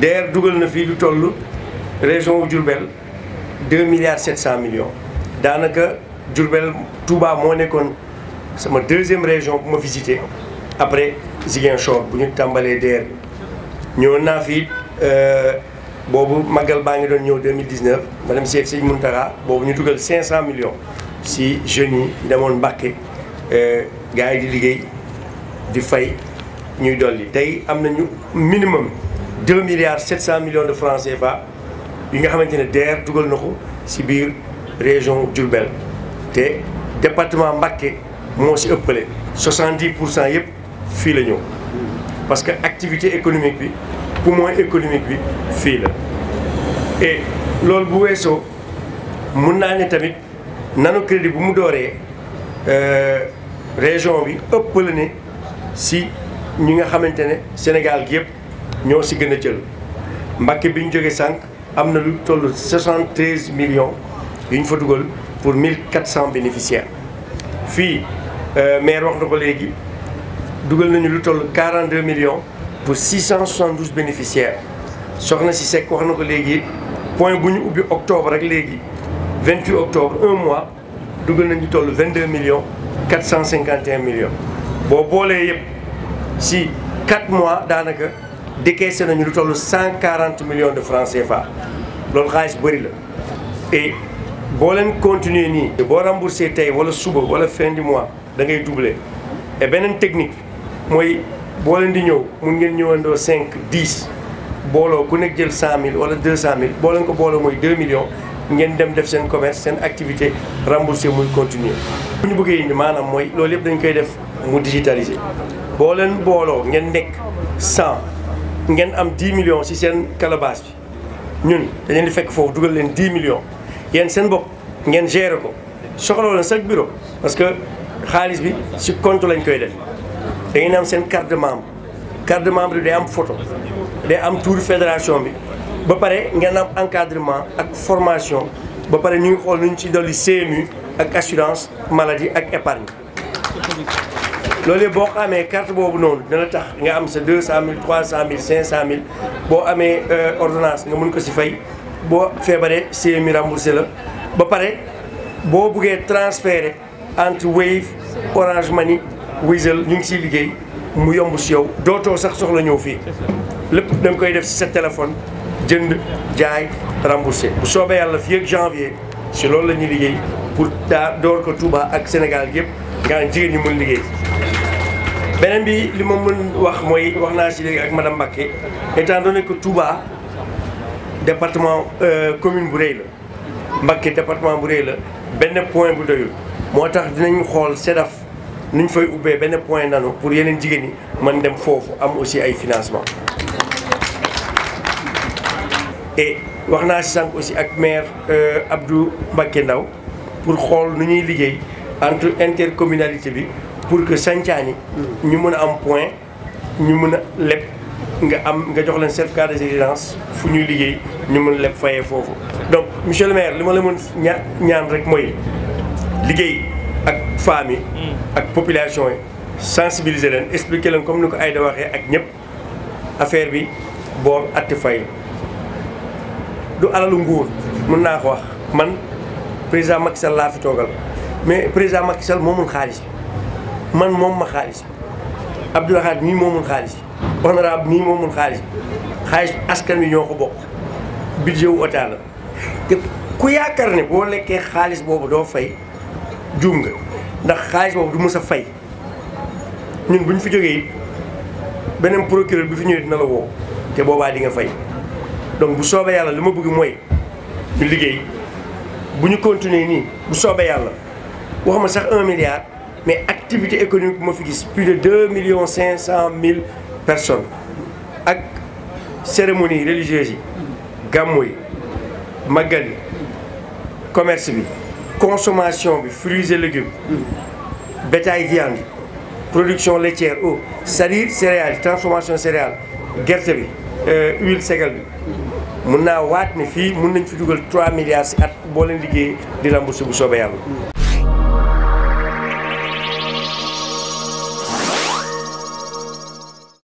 DER dugal na fii lu toll région wu Diourbel deux milliards cent millions daanaka Diourbel Touba moo nekkoon sama deuxième région bu ma visité après Ziguinchor bu ñu tàmbalee DER bi ñëwoon naa fii euh, boobu Magal baa ngi doon ñëw 2019 madame Cheikh Seye Mountakha boobu ñu dugal cinq cent millions si jeunes yi demoon Mbàkke euh, gars yi di liggéey di fay ñuy dolli tey am nañu minimum 2 milliards 700 millions de francais fa yi nga xamante ne DER dugal na ko ci biir région Diourbel te département Mbacké moo ci ëppale 70 pour cent yëpp fii la ñëw parce que activité économique bi pour poumon économique bi fii la et loolu bu weesoo mun naa ne tamit nanu crédit bu mu dooree euh, région bi ëpp la ne si ñi nga xamante ne Sénégal gi yëpp ñoo si gën a jël Mbàkke bi ñu jógee sànq am na lu toll 73 millions yu ñu fa dugal pour 1400 bénéficiaires fii euh, maire wax na ko léegi dugal nañu lu toll 42 millions pour 672 bénéficiaires soxna si Seck wax na ko léegi point bu ñu ubbi octobre rek léegi 28 octobre un mois dugal nañu toll 22 millions 451 millions boo boolee yëpp si 4 mois daanaka. décaissé nañu lu toll 140 millions de francs CFA loolu xaalis bëri la et boo leen continuer nii. boo remboursé tey wala suba wala fin du mois da ngay doublé et beneen technique mooy boo leen di ñëw mun ngeen ñëwandoo cinq 10 booloo ku nekk jël 100000 wala 200000 boo leen ko booloo mooy 2 millions ngeen dem def seen commerce seen activité remboursé muy continuer. bu ñu buggee indi maanaam mooy loolu yëpp dañ koy def mu digitalisé boo leen booloo ngeen nekk 100. ngeen am 10 millions ci seen calebasse bi ñun dañ leen di fekk foofu dugal leen 10 millions yéen seen bopp ngeen gérer ko soxla leen chaque bureau parce que xaalis bi ci compte lañ koy def da ngeen am seen carte de membre carte de membre bi day am photo day am tour fédération bi ba pare ngeen am encadrement ak formation ba pare ñu ngi xool nu ñu ci dolli CMU ak assurance maladie ak épargne loolu boo ko amee carte boobu noonu dana tax nga am sa 200000 300000 500000 boo amee euh, ordonnance nga mun ko si fay boo feebaree CMU remboursé la ba pare boo buggee transféré entre Wave Orange mani Wizall ñu ngi siy liggéey mu yomb si yow dootoo sax soxla ñëw fii lépp da koy def si sa téléphone jënd jaay remboursé bu soobee yàlla fii ak janvier si loolu la ñuy liggéey pour daa door ko Touba ak Sénégal yëpp nga jigéen ñi mën liggéey. beneen bi li ma mën wax mooy wax naa si léegi ak madame Mbacké étant donné que Touba département euh, commune bu rëy la Mbacké département bu rëy la benn point bu doyul moo tax dinañ xool SEDAF nuñ fay ubbee benn point nanu pour yeneen jigéen ñi man dem foofu am aussi ay financement et wax naa si sànq aussi ak maire euh, Abdou Mbacké Ndaw pour xool nu ñuy liggéey entre intercommunalité bi pour que sàncaani ñu mën a am point ñu mën a leb nga am nga jox leen certificat de résidence fu ñuy liggéey ñu mën a leb fayee foofu donc monsieur le maire li ma la mën ña ñaan rek mooy liggéey ak femmes yi mm. ak population yi sensibiliser leen expliquer leen comme ni ko Aïda waxee ak ñëpp affaire bi boor atti fay lu alalu nguur mën naa ko wax man président Macky Sall laa fi toogal mais président Macky Sall moo mun xaalis man moom ma xaalis bi Abdoul Ahad mii moomul xaalis bi honorable mii moomul xaalis xaalis bi askan wi ñoo ko bokk budget wu la te ku yaakaar ne boo lekkee xaalis boobu doo fay juum nga ndax xaalis boobu du mës a fay ñun bu ñu fi jógee beneen procureur bi fi ñëwee dina la wow te boobaa di nga fay donc bu soobee yàlla li ma bëgg mooy ñu liggéey bu ñu continuer nii bu soobee yàlla waxuma sax un milliard mais activité économique bu ma fi gis plus de deux millions cinq cent mille personnes ak cérémonie religieuse yi gàmmu yi màggal yi commerce bi consommation bi fruits et légumes bétail viande production laitière eau c'est-à-dire céréales transformation céréale gerte bi euh, huile segal bi mun naa waat ni fii mun nañ fi dugal 3 milliards si at boo leen liggéey di rembourser bu soobee yàlla